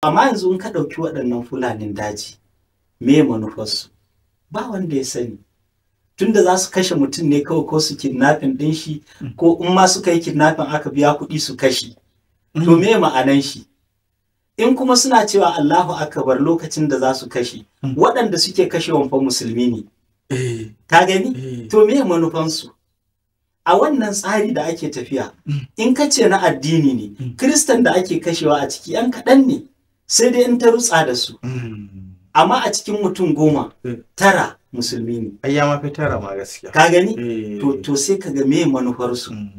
amma yanzu in ka ɗauki waɗannan fulanin daji me manufarsu ba wanda ya sani tunda za su kashe mutum ne kawai ko su kidnapping ɗin shi mm. ko in ma suka yi kidnapping aka biya kuɗi su kashe mm. to me ma'anan shi in kuma suna cewa Allahu akbar lokacin da za su kashe mm. waɗanda suke kashe fa musulmi ne eh. ka gani eh. to me manufansu a wannan tsari da ake tafiya in ka ce na addini ne kristan da ake kashewa a ciki 'yan kaɗan ne sai dai in ta rutsa da su hmm. amma a cikin mutum goma eh. tara musulmi ne ayyama ya mafi tara ma gaskiya ka gani eh. to sai ka ga me manufarsu hmm.